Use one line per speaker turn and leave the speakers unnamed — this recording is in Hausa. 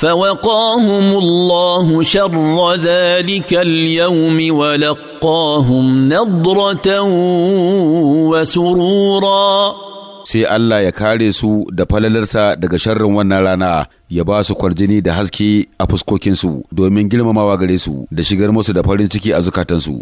فوقاهم الله شر ذلك اليوم ولقاهم نضرة وسرورا
sai Allah ya kare su da falalarsa daga sharrin wannan rana ya ba su kwarjini da haske a fuskokinsu domin girmamawa gare su da shigar musu da farin ciki a zukatansu.